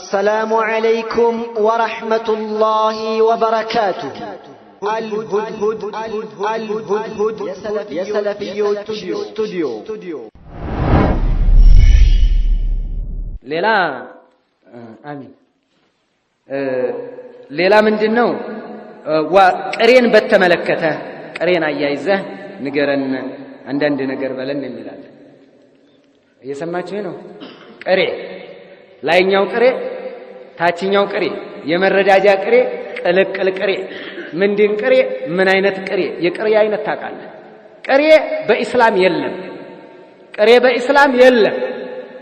السلام عليكم ورحمة الله وبركاته الهدهد الهدهد يا سلفي استوديو ليلا امين ليلا من دنو وقرين بتملكته قرين اياይዘ نገረن عند عند نገር በለን እንላለን እየሰማችሁ ነው ቀሬ ላይኛው ቅሬ ታችኛው ቅሬ የመረዳጃ ቅሬ ቅልቅል ቅሬ ምንድን ቅሬ ምን አይነት ቅሬ የቅሬ አይነት ታውቃለህ? ቅሬ በኢስላም የለም። ቅሬ በኢስላም የለም።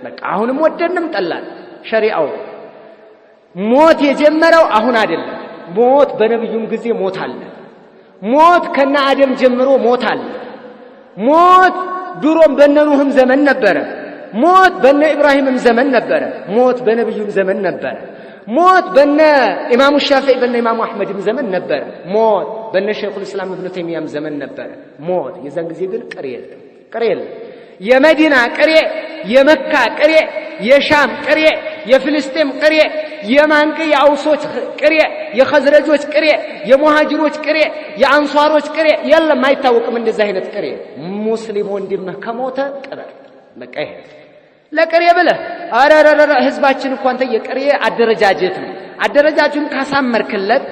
በቃ አሁንም ወደንም ጠላን ሸሪአው ሞት የጀመረው አሁን አይደለም። ሞት በነብዩም ጊዜ ሞት አለ። ሞት ከነ አደም ጀምሮ ሞት አለ። ሞት ድሮም በነኑህም ዘመን ነበረ። ሞት በነ ኢብራሂምም ዘመን ነበረ። ሞት በነብዩም ዘመን ነበረ። ሞት በነ ኢማሙ ሻፊዒ በነ ኢማሙ አሕመድም ዘመን ነበረ። ሞት በነ ሸይኹል ኢስላም እብኑ ተይሚያም ዘመን ነበረ። ሞት የዛን ጊዜ ግን ቅሬ የለም፣ ቅሬ የለም። የመዲና ቅሬ፣ የመካ ቅሬ፣ የሻም ቅሬ፣ የፍልስጤም ቅሬ፣ የማንቅ የአውሶች ቅሬ፣ የኸዝረጆች ቅሬ፣ የሙሃጅሮች ቅሬ፣ የአንሷሮች ቅሬ የለም። አይታወቅም እንደዚህ አይነት ቅሬ። ሙስሊም ወንድምህ ከሞተ ቅበር በቃ ይሄ ለቅሬ ብለህ አረረረ ህዝባችን እኮ አንተ የቅሬ አደረጃጀት ነው። አደረጃጁን ካሳመርክለት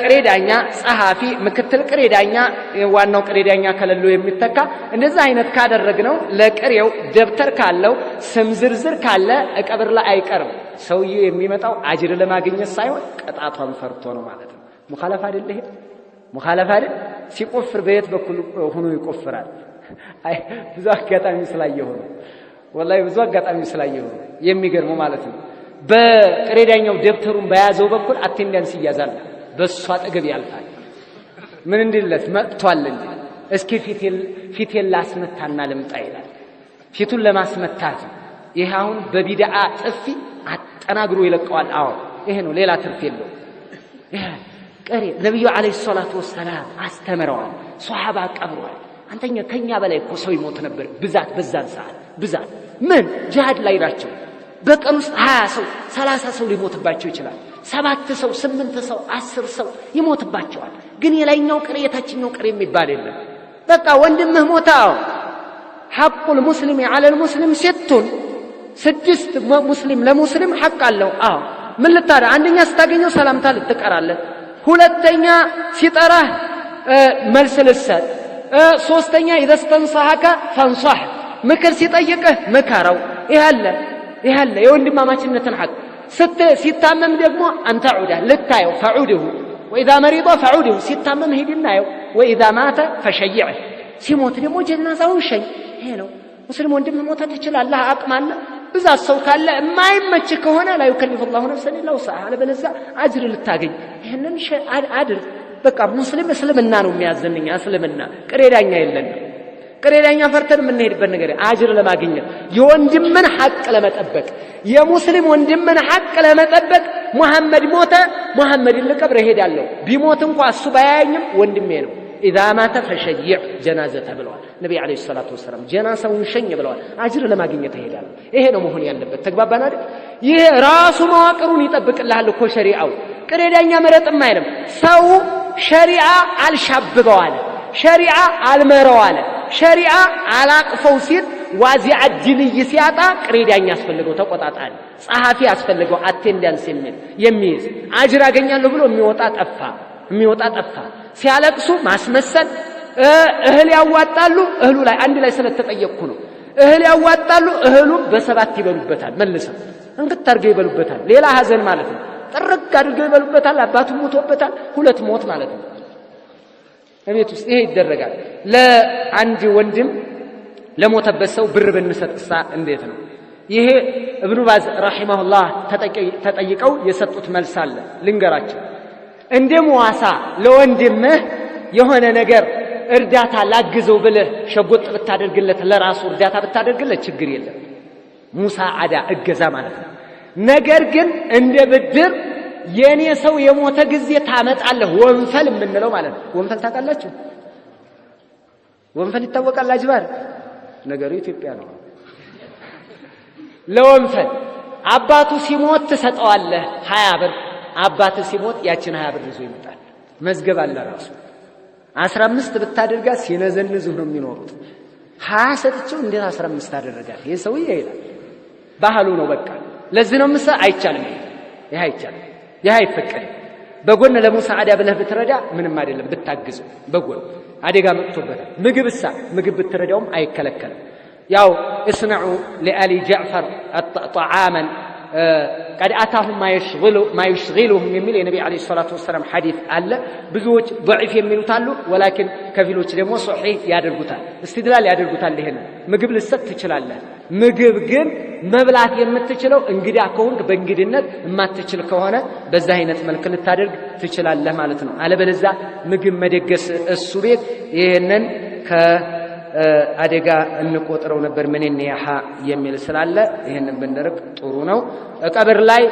ቅሬ ዳኛ፣ ጸሐፊ፣ ምክትል ቅሬ ዳኛ፣ ዋናው ቅሬ ዳኛ ከሌለው የሚተካ እንደዚህ አይነት ካደረግነው ለቅሬው ደብተር ካለው ስም ዝርዝር ካለ ቀብር ላይ አይቀርም። ሰውዬ የሚመጣው አጅር ለማግኘት ሳይሆን ቅጣቷን ፈርቶ ነው ማለት ነው። ሙኻለፍ አይደል? ይሄ ሙኻለፍ አይደል? ሲቆፍር በየት በኩል ሆኖ ይቆፍራል? ብዙ አጋጣሚ ስላየሆነ ወላሂ ብዙ አጋጣሚ ስላየው የሚገርመው ማለት ነው። በጥሬ ዳኛው ደብተሩን በያዘው በኩል አቴንዳንስ ይያዛል፣ በእሱ አጠገብ ያልፋል። ምን እንዲለት መጥቷል እንዴ? እስኪ ፊቴን ላስመታና ልምጣ ይላል። ፊቱን ለማስመታት ይህ አሁን በቢድአ ጥፊ አጠናግሮ ይለቀዋል። አዎ ይሄ ነው፣ ሌላ ትርፍ የለው። ቀሬ ነቢዩ ዓለይሂ ሰላቱ ወሰላም አስተምረዋል፣ ሶሓባ ቀብረዋል። አንተኛ ከኛ በላይ እኮ ሰው ይሞት ነበር ብዛት፣ በዛን ሰዓት ብዛት ምን ጅሃድ ላይ ናቸው። በቀን ውስጥ ሀያ ሰው ሰላሳ ሰው ሊሞትባቸው ይችላል። ሰባት ሰው፣ ስምንት ሰው፣ አስር ሰው ይሞትባቸዋል። ግን የላይኛው ቅር የታችኛው ቅር የሚባል የለም። በቃ ወንድምህ ሞታው ሐቁል ሙስሊም ዐለል ሙስሊም ሴቱን ስድስት ሙስሊም ለሙስሊም ሐቅ አለው። አዎ ምን ልታደ አንደኛ ስታገኘው ሰላምታ ልትቀራለህ፣ ሁለተኛ ሲጠራህ መልስ ልሰጥ፣ ሶስተኛ ኢዘስተንሰሐከ ፈንሷህ ምክር ሲጠይቅህ ምከረው። ይህ አለ የወንድማማችነትን ሐቅ ሲታመም ደግሞ አንተዑዳ ልታየው ፈዑድሁ ወኢዛ መሪጦ ፈዑድሁ ሲታመም ሂድናየው ወኢዛ ማተ ፈሸይዕህ ሲሞት ደግሞ ጀናዛውን ሸኝ። ይሄ ነው ሙስሊም ወንድም ሞተ ትችላለህ። አቅም ብዛት ሰው ካለ የማይመች ከሆነ ላ ዩከሊፍ ላሁ ነፍሰን ኢላ ውስዐሃ አለበለዚያ አጅር ልታገኝ ይህንን አድርግ። በቃ ሙስሊም እስልምና ነው የሚያዝንኛ እስልምና ቅሬዳኛ የለንም። ቅሬዳኛ ፈርተን የምንሄድበት ነገር አጅር ለማግኘት የወንድምን ሐቅ ለመጠበቅ የሙስሊም ወንድምን ሐቅ ለመጠበቅ ሙሐመድ ሞተ፣ ሙሐመድን ልቀብር እሄዳለሁ። ቢሞት እንኳ እሱ ባያየኝም ወንድሜ ነው። ኢዛ ማተ ፈሸይዕ ጀናዘተ ብለዋል ነቢይ ዓለይሂ ሰላቱ ወሰላም። ጀናሰውን ሸኝ ብለዋል። አጅር ለማግኘት እሄዳለሁ። ይሄ ነው መሆን ያለበት። ተግባባን አይደል? ይሄ ራሱ መዋቅሩን ይጠብቅልሃል እኮ ሸሪዓው። ቅሬዳኛ መረጥም አይልም ሰው። ሸሪዓ አልሻብበዋለ፣ ሸሪዓ አልመረዋለ ሸሪዓ አላቅፈው ሲል ዋዚዕ ድልይ ሲያጣ ቅሬዳኝ ዳኛ አስፈልገው፣ ተቆጣጣሪ ጸሐፊ አስፈልገው፣ አቴንዳንስ የሚል የሚይዝ አጅር አገኛለሁ ብሎ የሚወጣ ጠፋ፣ የሚወጣ ጠፋ። ሲያለቅሱ ማስመሰል እህል ያዋጣሉ። እህሉ ላይ አንድ ላይ ስለተጠየቅኩ ነው። እህል ያዋጣሉ። እህሉም በሰባት ይበሉበታል። መልሰው እንክት አድርገው ይበሉበታል። ሌላ ሀዘን ማለት ነው። ጥርግ አድርገው ይበሉበታል። አባቱ ሞቶበታል። ሁለት ሞት ማለት ነው። ቤት ውስጥ ይሄ ይደረጋል። ለአንድ ወንድም ለሞተበት ሰው ብር ብንሰጥ እሳ እንዴት ነው? ይሄ እብኑ ባዝ ረሂመሁላህ ተጠይቀው የሰጡት መልስ አለ፣ ልንገራቸው። እንደ መዋሳ ለወንድምህ የሆነ ነገር እርዳታ ላግዘው ብለህ ሸጎጥ ብታደርግለት፣ ለራሱ እርዳታ ብታደርግለት ችግር የለም አዳ እገዛ ማለት ነው። ነገር ግን እንደ ብድር የእኔ ሰው የሞተ ጊዜ ታመጣለህ ወንፈል የምንለው ማለት ነው። ወንፈል ታውቃላችሁ? ወንፈል ይታወቃል። አጅባር ነገሩ ኢትዮጵያ ነው። ለወንፈል አባቱ ሲሞት ትሰጠዋለህ ሀያ ብር። አባት ሲሞት ያችን ሀያ ብር ይዞ ይመጣል። መዝገብ አለ ራሱ። አስራ አምስት ብታደርጋ ሲነዘንዙህ ነው የሚኖሩት። ሀያ ሰጥቼው እንዴት አስራ አምስት አደረጋል? ይህ ሰውዬ ይላል። ባህሉ ነው በቃ። ለዚህ ነው ምሳ አይቻልም። ይህ አይቻልም። ይህ አይፈቀድም። በጎን ለሙሳ አዳ ብለህ ብትረዳ ምንም አይደለም፣ ብታግዝ በጎን አደጋ መጥቶበታል። ምግብ እሳ ምግብ ብትረዳውም አይከለከልም። ያው እስነዑ ሊአሊ ጃዕፈር ጣዓመን ቀድ አታሁም ማዩሽጊሉሁም የሚል የነቢ ዓለይሂ ሰላቱ ወሰላም ሐዲት አለ። ብዙዎች ደዒፍ የሚሉት አሉ። ወላኪን ከፊሎች ደግሞ ሶሒህ ያደርጉታል፣ እስትድላል ያደርጉታል። ይሄን ምግብ ልሰጥ ትችላለህ፣ ምግብ ግን መብላት የምትችለው እንግዳ ከሆንክ በእንግድነት፣ የማትችል ከሆነ በዛ አይነት መልክ ልታደርግ ትችላለህ ማለት ነው። አለበለዛ ምግብ መደገስ እሱ ቤት ይህንን ከአደጋ እንቆጥረው ነበር። ምንን ያሃ የሚል ስላለ ይህንን ብንደርግ ጥሩ ነው። ቀብር ላይ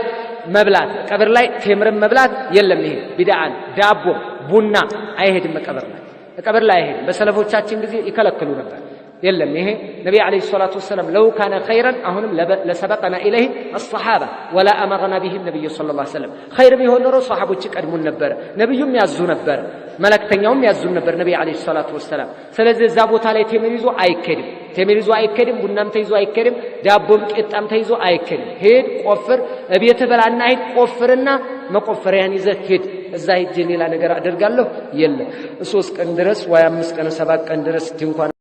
መብላት ቀብር ላይ ቴምርን መብላት የለም። ይሄ ቢድዓን ዳቦ ቡና አይሄድም። ቀብር ላይ ቀብር ላይ አይሄድም። በሰለፎቻችን ጊዜ ይከለክሉ ነበር። የለም ይሄ ነቢ ዓለይሂ ሰላቱ ወሰላም ለው ካነ ኸይረን አሁንም ለሰበቀና ኢለይህ አሰሓባ ወላ አመረና ቢህም ነቢዩ ስለ ላ ሰለም ኸይር ቢሆን ኖሮ ሰሓቦች ይቀድሙን ነበር ነቢዩም ያዙ ነበር መለክተኛውም ያዙን ነበር ነቢ ዓለይሂ ሰላቱ ወሰላም ስለዚህ እዛ ቦታ ላይ ቴምር ይዞ አይከድም ቴምር ይዞ አይከድም ቡናም ተይዞ አይከድም ዳቦም ቄጣም ተይዞ አይከድም ሄድ ቆፍር እቤት በላና ሄድ ቆፍርና መቆፈሪያን ይዘህ ሄድ እዛ ሄጄ ሌላ ነገር አደርጋለሁ የለም ሶስት ቀን ድረስ ወይ አምስት ቀን ሰባት ቀን ድረስ ድንኳን